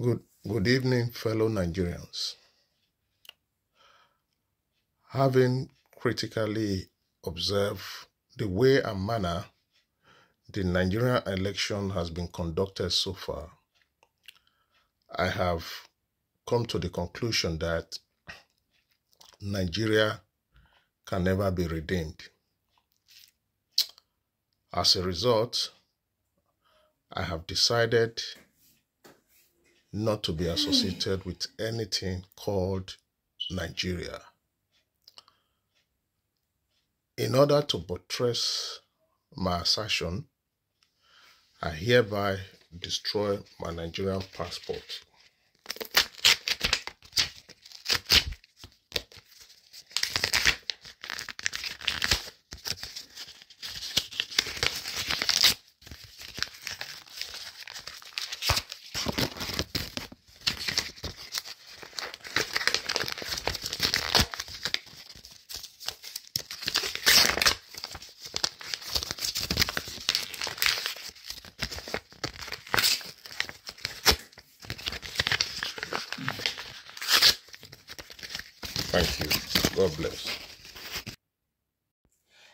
Good, good evening, fellow Nigerians. Having critically observed the way and manner the Nigerian election has been conducted so far, I have come to the conclusion that Nigeria can never be redeemed. As a result, I have decided not to be associated with anything called Nigeria. In order to buttress my assertion, I hereby destroy my Nigerian passport. Thank you. God bless.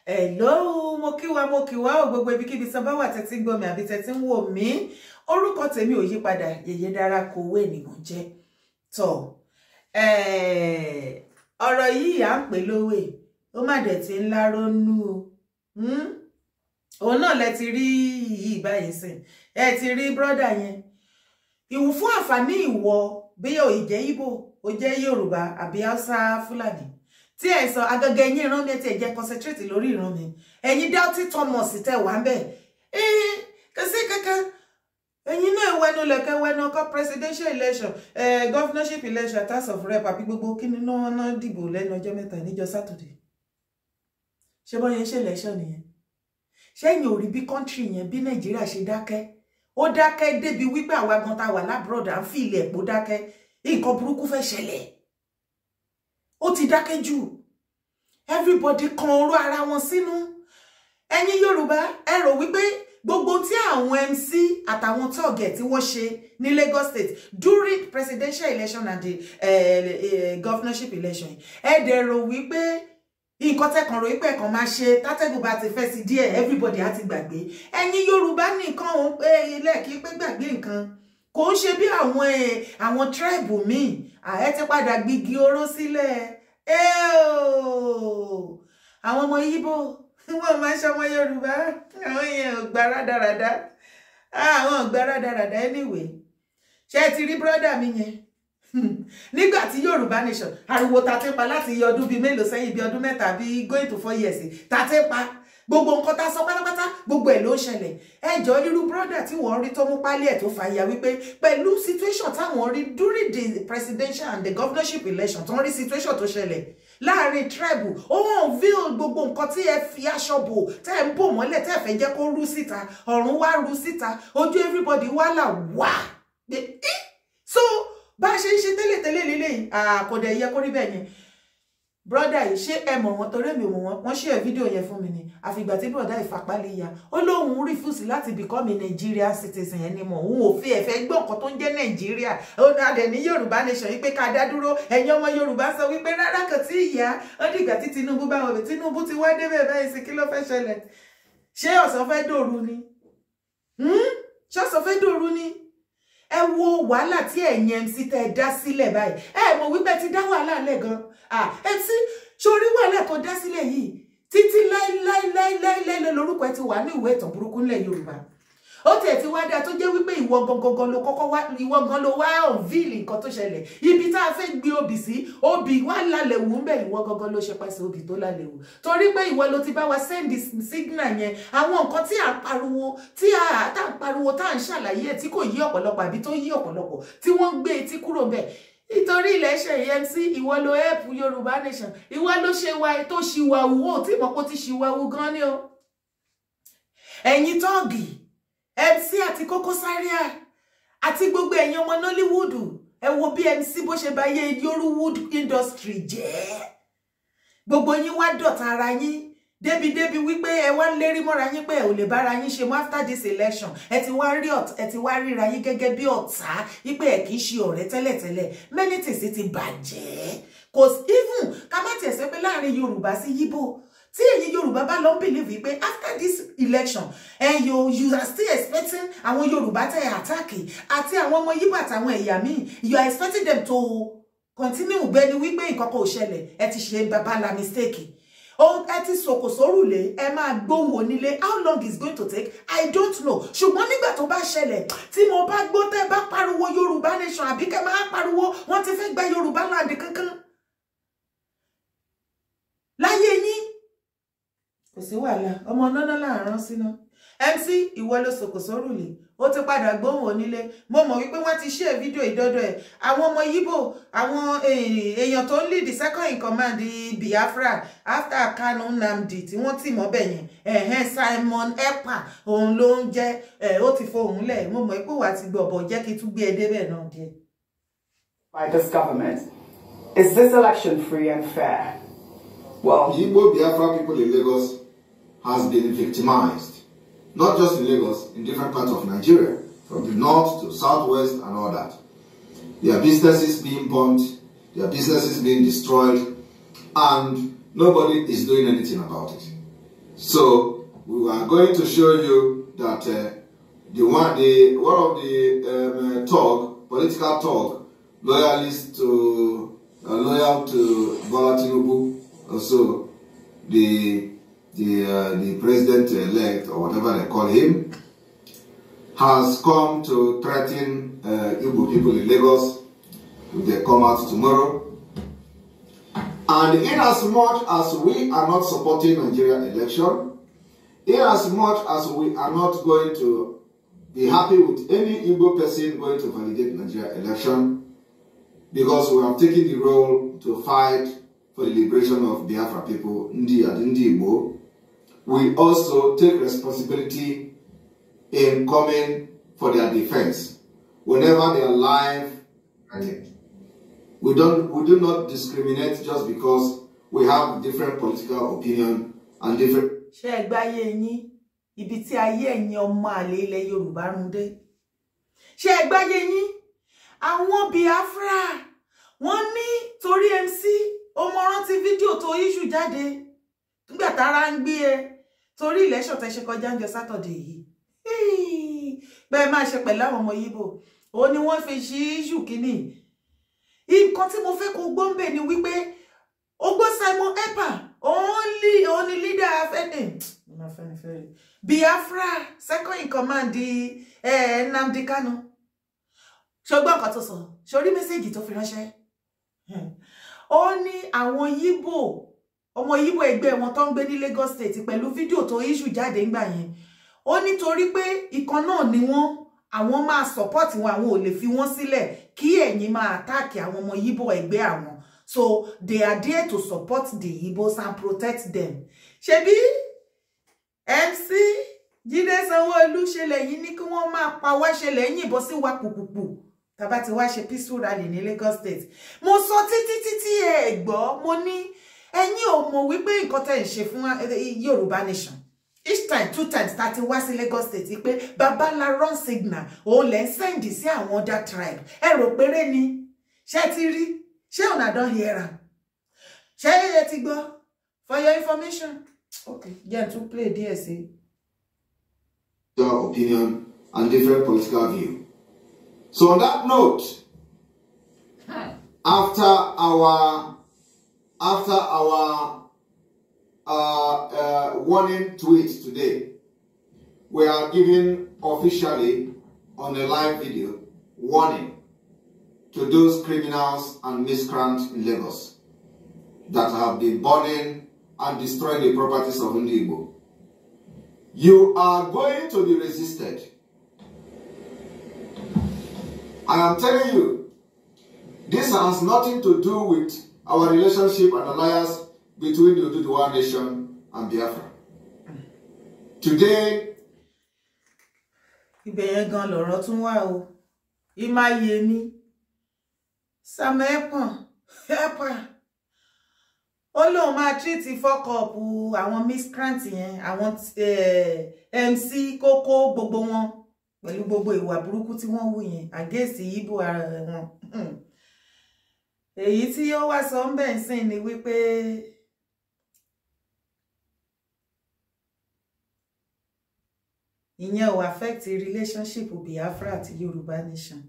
Hello, mo kí wa mo kí wa o gbogbo ibikíbi tán bá wà tẹ́tí ń gbọ́ mi àbí tẹ́tí ń wò mí. Orúkọ tèmi ò yípadà, Yèyé Dára Kowé ni mo jẹ́. Tọ́ eh, ọ̀rọ̀ yìí à ń pè lówè, ó má dẹ̀ ti ń láró nú o. Hmm? Òun náà lẹ ti rí yìí báyìí sìn, ẹ ti rí brọ́dà yẹn. Ìwù fún àǹfààní ìwọ bí yóò ìjẹ́ Ìbò ó jẹ́ yorùbá àbí haúsá fúlàní tí ẹ sọ agẹgẹ yín ìran mi ẹ ti ẹ jẹ́ concentrate lórí ìran mi ẹ̀yin dáútì thomas tẹ wà ń bẹ ẹ̀yin kẹsí kankan ẹ̀yin náà wẹnu lẹkẹ wẹnu ọkọ presidential election ẹ governorship election task of rep àbí gbogbo kí ni náà náà dìbò lẹ́nu ọjọ́ mẹ́ta níjọ́ saturday ṣé bọ́ yẹn ṣe election nìyẹn ṣẹ́yìn ò rí bí country yẹn bí nàìjíríà ṣe dákẹ́ ó dákẹ́ débi wípé àwa gan ta wà lábúròdà ń fi ilẹ̀ èpò dákẹ́ nǹkan burúkú fẹ́ ṣẹlẹ̀ ó ti dákẹ́ jù everybody kan oró ara wọn sínú ẹ̀yin Yorùbá ẹ rò wípé gbogbo tí àwọn MC àtàwọn tọ́ọ̀gẹ̀ tí wọ́n ṣe ní Lagos State during presidential election and the eh, eh, governorship election ẹ dẹ̀ rò wípé nǹkan tẹ́kàn ròyìn pé ẹ̀kan máa ṣe tátẹ́gùn bá ti fẹ́ sí díẹ̀ everybody á ti gbàgbé ẹ̀yin Yorùbá nìkan òun pé eh, ilé kí pé gbàgbé nǹkan kò ń ṣe bí àwọn eh, àwọn tribe míì ààrẹ ti padà gbígi oró sílẹ̀ àwọn ọmọ yíbò wọn máa ṣọmọ yorùbá àwọn èèyàn ò gbà rádaràda àwọn ò gbà rádaràda anyway ṣé ti rí brọ́dà mi yẹn nígbà tí yorùbá nation ariwo ta pa láti iye ọdún bíi mélòó sẹ́yìn bíi ọdún mẹ́ta bíi going to four years ta pa gbogbo nǹkan tá a sọ pátápátá gbogbo ẹ̀ ló ń ṣẹlẹ̀ ẹjọ́ irú brọ́dà tí wọ́n rí tó mú pálí ẹ̀ tó fa ìyá wípé pẹ̀lú situation táwọn rí during the presidential and the governorship election tó ń rí situation tó ṣẹlẹ̀ láàrin tribe ó hàn vil gbogbo nǹkan tí ẹ fi aṣọ bò tẹ́ ẹ ń bò mọ́lẹ̀ tẹ́ ẹ fẹ́ jẹ́ kó rú síta ọ̀run wá rú síta ojú everybody wá là wá so bá a ṣe ń ṣe tẹ́lẹ̀tẹ́lẹ̀ lélẹ́yìn àkọ́dẹ̀ yẹ kó rí bẹ́ẹ̀ yẹn Brother, yìí ṣé ẹ mọ̀ wọ́n torí mi mọ̀ wọ́n wọ́n ṣe ẹ̀ fídíò yẹn fún mi ni àfìgbà tí brọ́dà yìí fapá lè ya ó lóun rífùsì láti become a Nigerian citizen ẹni mọ̀ òun ò fi ẹ̀fẹ́ gbọ́ nǹkan tó ń jẹ́ Nàìjíríà ó náà dẹ̀ ní Yorùbá nation yìí pé ká dá dúró ẹ̀yin ọmọ Yorùbá sọ wípé rárá kò tí ì yá ó dìgbà tí Tinubu bá wọn bẹ̀ Tinubu ti wá débẹ̀ báyìí sí kí ló fẹ́ ṣẹlẹ̀ ṣé ọ̀sán fẹ́ dòru ni hmm? ẹ wo wàhálà tí ẹ̀yin MC tẹ́ ẹ dá sílẹ̀ báyìí ẹ mọ̀ wípé ti dá wàhálà lẹ̀ gan MC sórí wàhálà tó dá sílẹ̀ yìí títí láíláíláíláí lórúkọ ẹ ti wà ní ìwé ìtàn burúkú nílẹ̀ Yorùbá ó tẹ̀ ti wá dáa tó jẹ́ wípé ìwọ gangan ló kọ́kọ́ wá ìwọ gan ló wá ọ̀nvíìlì nǹkan tó ṣẹlẹ̀ ibi tá a fẹ́ gbé obì sí obì wá lálẹ́ wù ń bẹ̀ ìwọ gangan ló ṣe pàṣẹ obì tó lálẹ́ wù torí pé ìwọ ló ti bá wa send signal yẹn àwọn nǹkan tí à ń pariwo tí à tá ń pariwo tá à ń ṣàlàyé ẹ̀ tí kò yí ọ̀pọ̀lọpọ̀ àbí tó yí ọ̀pọ̀lọpọ̀ tí wọ́n ń gbé etí kúrò bẹ́ẹ̀ nítorí ilẹ̀ ṣe yẹn sí ìwọ ló help Yorùbá nation ìwọ ló ṣe wa tó ṣìwà wò tí mọ̀kó ti ṣìwà wò gan ni o ẹ̀yin tọ́ọ̀gì MC àti Koko Zaria àti gbogbo ẹ̀yin ọmọ Nollywood ẹ wo bí MC bó ṣe bá yé Yorùwood industry jẹ́ gbogbo yín wá dọ̀tá ara yín débi-débi wípé ẹ wá ń lérí mọ́ra yín pé ẹ ò lè bára yín ṣe mọ́ after this election ẹ ti wá rí ọ̀tá ẹ ti wá ríra yín gẹ́gẹ́ bí ọ̀tá wípé ẹ kì ṣe ọ̀rẹ́ tẹ́lẹ̀tẹ́lẹ̀ many things ti bàjẹ́ cause even ká má tiẹ̀ sọ pé láàrin Yorùbá sí Yíbò tí ẹ̀yin yorùbá bá lọ ń bìlíìfì pé after this election ẹ̀yin you are still expecting àwọn yorùbá tẹ̀ àtàkì àti àwọn ọmọ yíbà àtàwọn ẹ̀yà míì you are expecting them to continue gbẹni wípé nǹkan kan ò ṣẹlẹ̀ ẹ ti ṣe babalá mistake ohun ẹ ti sòkò sórùlé ẹ máa gbóhùn onílé how long is going to take i don't know ṣùgbọ́n nígbà tó bá ṣẹlẹ̀ tí mo bá gbọ́ tẹ́ bá pariwo yorùbá nation àbí kẹ́ máa pariwo wọ́n ti fẹ́ gba yorùbá láàdì kankan láyé kò sí wàhálà ọmọ nánà láàrán síná MC ìwọ ló sòkò sórùlé ó ti padà gbóhùn onílé mo mọ̀ wípé wọ́n ti ṣe fídíò ìdọ́dọ̀ ẹ̀ àwọn ọmọ yíbò àwọn eh, èèyàn tó ń lead second in command Biafra after Kanu Nnamdi tí wọ́n tì mọ́ bẹ̀ yẹn Simon Ekpa òun ló ń jẹ́ ó ti fohùn lẹ̀ mo mọ̀ wípé wàá ti gbọ̀bọ̀ jẹ́ kí tún gbé ẹ e débẹ̀ náà jẹ. By this government, is this election free and fair? Well, Yibo Biafra people in Lagos has been victimized, not just in Lagos, in different parts of Nigeria, from the north to southwest and all that. Their businesses being bombed, their businesses being destroyed, and nobody is doing anything about it. So we are going to show you that uh, the one, the one of the um, uh, talk, political talk, loyalist to uh, loyal to Bola Tinubu, also the the, uh, the president-elect, or whatever they call him, has come to threaten uh, Igbo people in Lagos if they come out tomorrow. And in as much as we are not supporting Nigeria election, in as much as we are not going to be happy with any Igbo person going to validate Nigeria election, because we have taken the role to fight for the liberation of Biafra people, Ndi and Ndi Igbo, We also take responsibility in coming for their defense whenever their life threatened. We don't we do not discriminate just because we have different political opinion and different. ṣé ẹ gbáyé yín ibi tí ayé ẹ̀yin ọmọ àlè ilẹ̀ Yorùbá ń dé ṣé ẹ gbáyé yín àwọn Biafra wọ́n ní torí MC ó mọ rántí fídíò tó yíṣù jáde nígbà tára ń gbé ẹ e, torí election tẹ́ ṣe kọjá ńjọ́ Saturday yìí bẹ́ẹ̀ máa ṣe pẹ̀lú àwọn ọmọ Yíbò ó ní wọ́n fi ṣí iṣu kínní nǹkan tí mo fẹ́ kó gbọ́ ń bẹ̀ ni wípé ogbó Simon Ekpa only only leader afẹ́ni Biafra second in command di Nnamdi Kanu ṣọgbọ́n nǹkan tó sọ sórí mẹ́sẹ̀gì tó fi ránṣẹ́ ó ní àwọn Yíbò ọmọ yíbò ẹgbẹ́ wọn tó ń gbé ní Lagos State pẹ̀lú fídíò tó iṣu jáde ńgbà yẹn ó nítorí pé ìkan náà ni wọ́n àwọn máa support wọn àwọn ò lè fi wọ́n sílẹ̀ kí ẹ̀yin máa attack àwọn ọmọ yíbò ẹgbẹ́ àwọn so they are there to support the Igbos and protect them ṣebí MC Jídé Sanwó-Olú ṣe ni ní kí wọ́n máa pa wá ṣe lẹ́yìn ìbọn sí wa pùpùpù tàbá ti wá ṣe peaceful rally ní Lagos State mo sọ títí títí ẹ gbọ́ mo ní ẹ̀yin ò mọ̀ wípé nǹkan tẹ́ ń ṣe fún eh, eh, yorùbá nation each time two times ta ti wá sí Lagos State pé babalá run signal òun lẹ́ ń sẹ́ǹdì sí àwọn other tribe ẹ rò péré ni ṣé ti rí ṣé ọ̀nà àdán hiẹra ṣé ẹ ti gbọ́ for your information okay yẹn tún play díẹ̀ sí. opinion and different political view. So on that note, after our after our uh, uh, warning tweet today, we are giving officially on a live video warning to those criminals and miscreants in Lagos that have been burning and destroying the properties of Ndigo. You are going to be resisted. I am telling you, this has nothing to do with our relationship and alliance between the Oduduwa nation and Biafra. Today, ibẹ̀ yẹn gan lọ̀rọ̀ tún wà o Imayemi Sam Ekpan Ekpan ó lóun máa tírìtì fọ́kọ̀ọ̀pù àwọn miscreant yẹn àwọn eh, MC Koko gbogbo wọn pẹ̀lú gbogbo ìwà burúkú tí wọ́n wù yẹn àgẹ́sì ibo ara wọn. Hmm èyí tí ó wá sọ ń bẹ̀ ń sìn ni wípé ìyẹn ò affect relationship Biafra àti Yorùbá nation.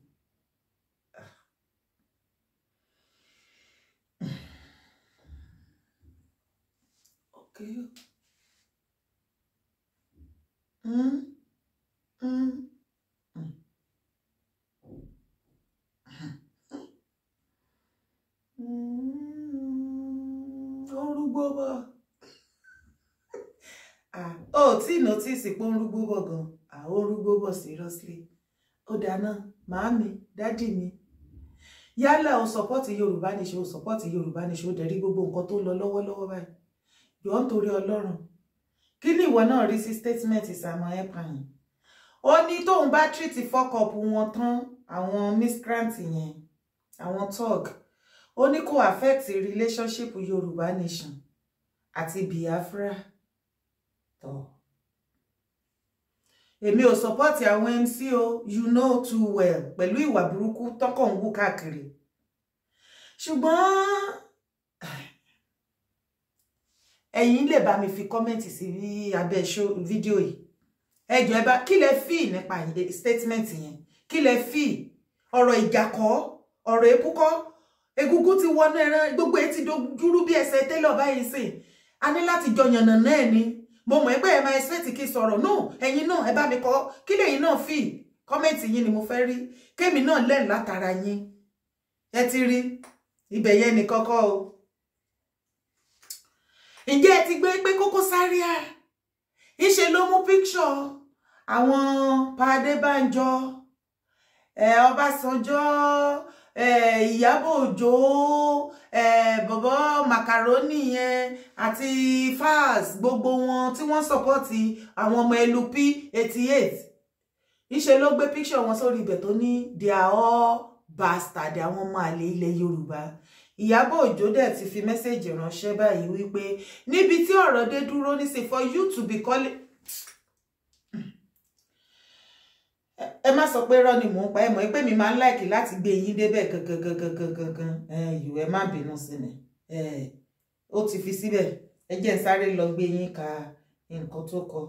Okay. Mm. Mm. Mm, ó ń rúgbó bọ̀ ó tí notice pé ó ń rúgbó bọ̀ gan ó ń rúgbó bọ̀ seriously ó dáná màámi dádì mi yálà ó sọpọ́tì yorùbá níṣe ó sọpọ́tì yorùbá níṣe ó dẹ̀rí gbogbo nǹkan tó ń lọ lọ́wọ́lọ́wọ́ báyìí yọ̀ ń torí ọlọ́run kí ni ìwọ náà rí sí statement Samuel Ekpan ó ní tóun bá treat fọ́kọ̀pù wọn tán àwọn miscreant yẹn àwọn tọ́ọ̀gì ó ní kò affect relationship yorùbá nation àti biafra tọ èmi ò support àwọn mc o you know too well pẹ̀lú ìwà burúkú tọkọ ń wú káàkiri ṣùgbọ́n ẹ̀yin lè bá mi fi kọ́mẹ́ǹtì sí abẹ́ fídíò yìí ẹ jọ̀ọ́ ẹ bá kí lẹ fí nípa statement yẹn kí lẹ fi ọ̀rọ̀ ìjà kọ́ ọ̀rọ̀ èkú egungun ti wọnú ẹran gbogbo ẹ ti dúró bí ẹsẹ̀ tẹ́lọ̀ báyìí sìn a ní láti jọ yànnà náà ni mo mọ̀ pé ẹ máa expect kí n sọ̀rọ̀ náà ẹ̀yin náà ẹ bá mi kọ́ kí lẹ́yìn náà fi kọ́mẹ̀ntì yín ni mo fẹ́ rí kémi náà lẹ́yìn látara yín ẹ ti rí ibẹ̀ yẹn ni kọ́kọ́ o ǹjẹ́ ẹ ti gbé pé Koko Zaria ńṣe ló mú píkṣọ àwọn Adébánjọ ẹ Ọbásanjọ́. Eh, Ìyábọ̀ Òjó eh, bọ̀bọ̀ macaroni yẹn àti fars gbogbo wọn tí wọ́n sọ̀pọ̀tì àwọn ọmọ LP eighty eight ìṣe ló gbé píṣọ̀ wọn sórí ibẹ̀ tó ní they are all bastard àwọn ọmọ àlè ilẹ̀ Yorùbá Ìyábọ̀ Òjó dẹ̀ ti fi mẹ́sẹ̀jì ránṣẹ́ báyìí wípé níbi tí ọ̀rọ̀ dé dúró nísìn for you to be calling ẹ má sọ pé rọ́ mò ń pa ẹ mọ̀ pé mi máa ń láìkì láti gbé yín débẹ̀ gangan gangan gangan ẹ̀yù ẹ má bínú sí mi ó ti fi síbẹ̀ ẹ jẹ́ ń sáré lọ gbé yín ka nǹkan tó kọ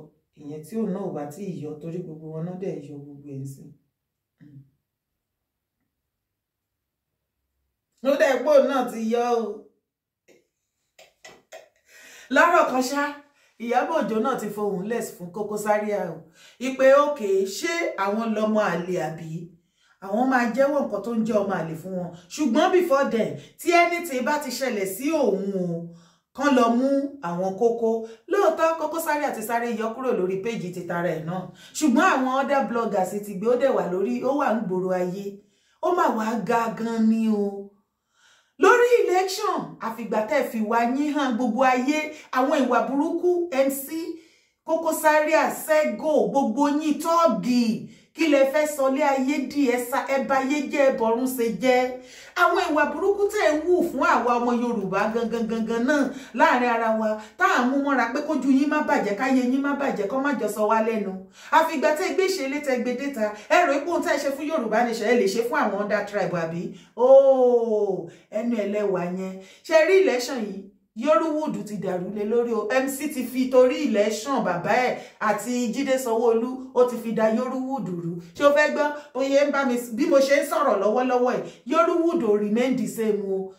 ìyẹn tí òun náà ò bá tí ì yọ torí gbogbo wọn náà dẹ̀ yọ gbogbo ẹ̀ sí. ló dẹ̀ pò náà ti yọ o lọ́rọ̀ kan ṣáá Ìyábọ̀ Òjó náà ti fohùn lẹ̀ fún Kókó Zaria o ìpè òkè ṣé àwọn lọmọ àlè àbí àwọn máa jẹ́wọ́ nǹkan tó ń jẹ́ ọmọ àlè fún wọn ṣùgbọ́n before then tí ẹni tí bá ti ṣẹlẹ̀ sí òun o kán lọ mú àwọn Kókó lóòótọ́ Kókó Zaria àti sáré yọ kúrò lórí péjì títara ẹ̀ náà ṣùgbọ́n àwọn other bloggers ti gbé ó dẹ̀ wà lórí ó wà ń gbòòrò ayé ó mà wá ga gan ni o lórí election àfìgbà tẹ́ fi wá yín hàn gbogbo ayé àwọn ìwà burúkú MC Koko Zaria Sego gbogbo yín tọ́ọ̀gì kí lẹ fẹ́ sọ lé ayé dì ẹ sa ẹ bà ayé jẹ́ ẹ bọ̀run ṣe jẹ́ àwọn ìwà burúkú tẹ̀ ń wù fún àwa ọmọ Yorùbá gangan gangan náà láàrin ara wa tá à ń mú mọ́ra pé kójú yín má bàjẹ́ káyé yín má bàjẹ́ kọ́ má jọ sọ wá lẹ́nu àfìgbà tẹ́ gbé ìṣẹ̀lẹ̀ tẹ́ gbé déta ẹ̀rọ ipò tẹ́ ṣe fún Yorùbá nìṣẹ́ ẹ lè ṣe fún àwọn under tribe àbí ooo ẹnu ẹlẹ́wàá yẹn ṣe rí election yìí yorùwùdù ti dàrú lé lórí o mc ti fi torí ilẹ̀ ṣàn bàbá ẹ̀ àti jíde sanwóolu ó ti fi da yorùwùdù rú ṣé o fẹ́ gbọ́ oyè ń bá mi bí mo ṣe ń sọ̀rọ̀ lọ́wọ́lọ́wọ́ ẹ̀ yorùwùdù remain the same o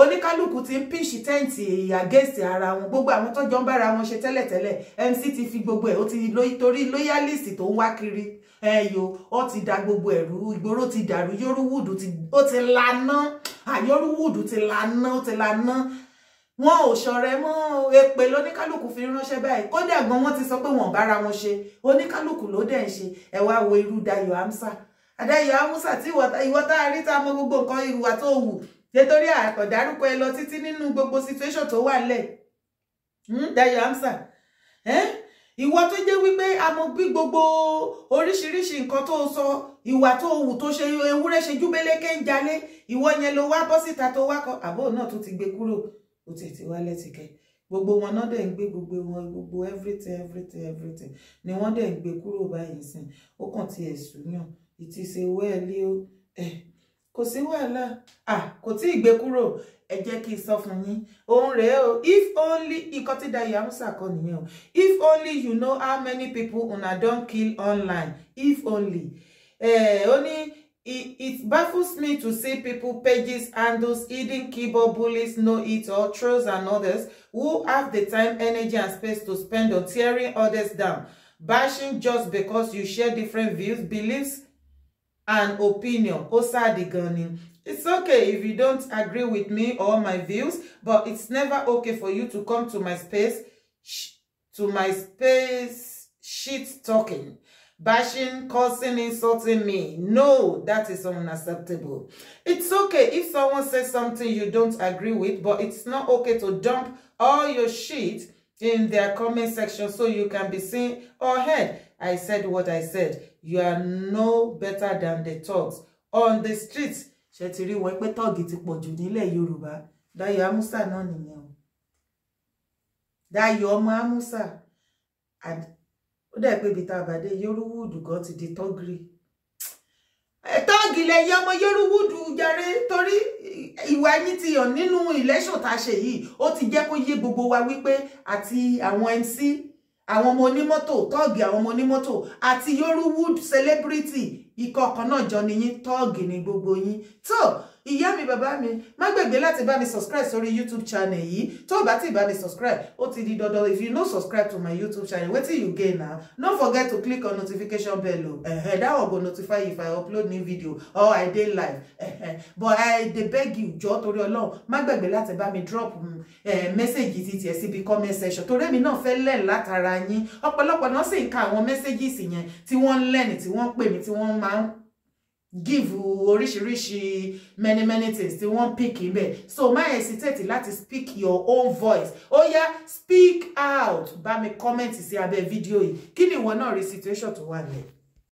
oníkálukú ti ń píṣì tẹ́ǹtì against ara wọn gbogbo àwọn tó jọ ń bára wọn ṣe tẹ́lẹ̀tẹ́lẹ̀ mc ti fi gbogbo ẹ̀ ó ti torí lóyálìsì tó ń wá kiri ẹyọ ó ti da gbogbo ẹ̀rú ìgboro ti dàrú yorùwùdù ó ti laná àyorùwùdù ti laná ó ti laná wọn ò ṣọ̀rẹ́ mọ́ èpè lóníkálùkù fi ránṣẹ́ báyìí kódà gan wọ́n ti sọ pé wọ́n bára wọn ṣe oníkálùkù ló dẹ̀ ń ṣe ẹ wá wo irú Dayọ̀ Amsa Adayọ̀ Amsa tí ìwọ tá mọ gbogbo nǹkan ìwà tó wù nítorí àkọ̀dárúkọ ẹ lọ títí nínú gbogbo situation tó wà lẹ̀ hmm, Dayọ̀ Amsa ìwọ tó jẹ́ wípé a mọ bí gbogbo oríṣiríṣi nǹkan tó sọ ìwà tó wù tó ṣe ewúrẹ́ ṣe júbẹ́lẹ́kẹ́ ń jalé ìwọ yẹn ló wá bọ́ síta tó wá kọ àbó náà tó ti gbé kúrò ó tiẹ̀ ti wá lẹ́tìkẹ́ gbogbo wọn náà dẹ̀ ń gbé gbogbo wọn gbogbo everything everything everything ni wọ́n dẹ̀ ń gbé kúrò báyìí sìn ó kàn tiẹ̀ sùúyàn ìtì ṣe wẹ́ẹ̀lì ó ẹ̀ eh, kò sí wàhálà à kò tí ì gbé kúrò ẹ jẹ́ kí n sọ fún yín òun rèé o if only ikọ́ tí Dayọ̀ Amusa kọ nìyẹn o if only you know how many people una don kill online if only eh, ó ní It, it baffles me to see people, pages, handles, hidden keyboard bullies, no it or trolls and others who have the time, energy and space to spend on tearing others down, bashing just because you share different views, beliefs and opinion. Ó sáàdì It's okay if you don't agree with me or my views, but it's never okay for you to come to my space, to my space, shit talking bashing, cursing, insulting me. No, that is unacceptable. It's okay if someone says something you don't agree with, but it's not okay to dump all your shit in their comment section so you can be seen or heard. I said what I said. You are no better than the thugs on the streets. Shetiri ti rí wọn pé tọ́ọ̀gì ti pọ̀ jù Amusa náà nìyẹn o. Dayọ̀ Amusa. And ó dẹ̀ pé ibi tá a bàdé yorùwúdù gan ti di tọ́gìrì tọ́ọ̀gì lẹ yẹ ọmọ yorùwúdù jàre torí ìwà yín ti hàn nínú election tá a ṣe yìí ó ti jẹ́ kó yé gbogbo wa wípé àti àwọn MC àwọn ọmọ onímọ́tò tọ́ọ̀gì àwọn ọmọ onímọ́tò àti yorùwúdù celebrity ikọ̀ ọ̀kan náà jọ nìyí tọ́ọ̀gì ni gbogbo yín tó. So, ìyá mi bàbá mi má gbàgbé láti bá mi subscribe Sorry youtube channel yìí tó o bá ti bá mi subscribe ó ti di dandan if you no subscribe to my youtube channel wetin you gain now no forget to click on notification bell o uh -huh. that one go notify you if i upload new video or i dey live uh -huh. but i dey beg you jọ torí ọlọ́run má gbàgbé láti bá mi drop eh, message ti tiẹ̀ síbi comment section torí èmi náà fẹ́ lẹ́ẹ̀ látara yín ọ̀pọ̀lọpọ̀ náà sì ń ka àwọn messages yẹn tí wọ́n ń lẹ́ni tí wọ́n ń pè mí tí wọ́n máa ń give oríṣiríṣi many many things tí wọ́n pick in bẹ́ẹ̀ so má hesitate láti speak your own voice ó yá speak out bá mi comment sí abẹ́ fídíò yìí kí ni ìwọ náà rí situation tó wà nílẹ̀.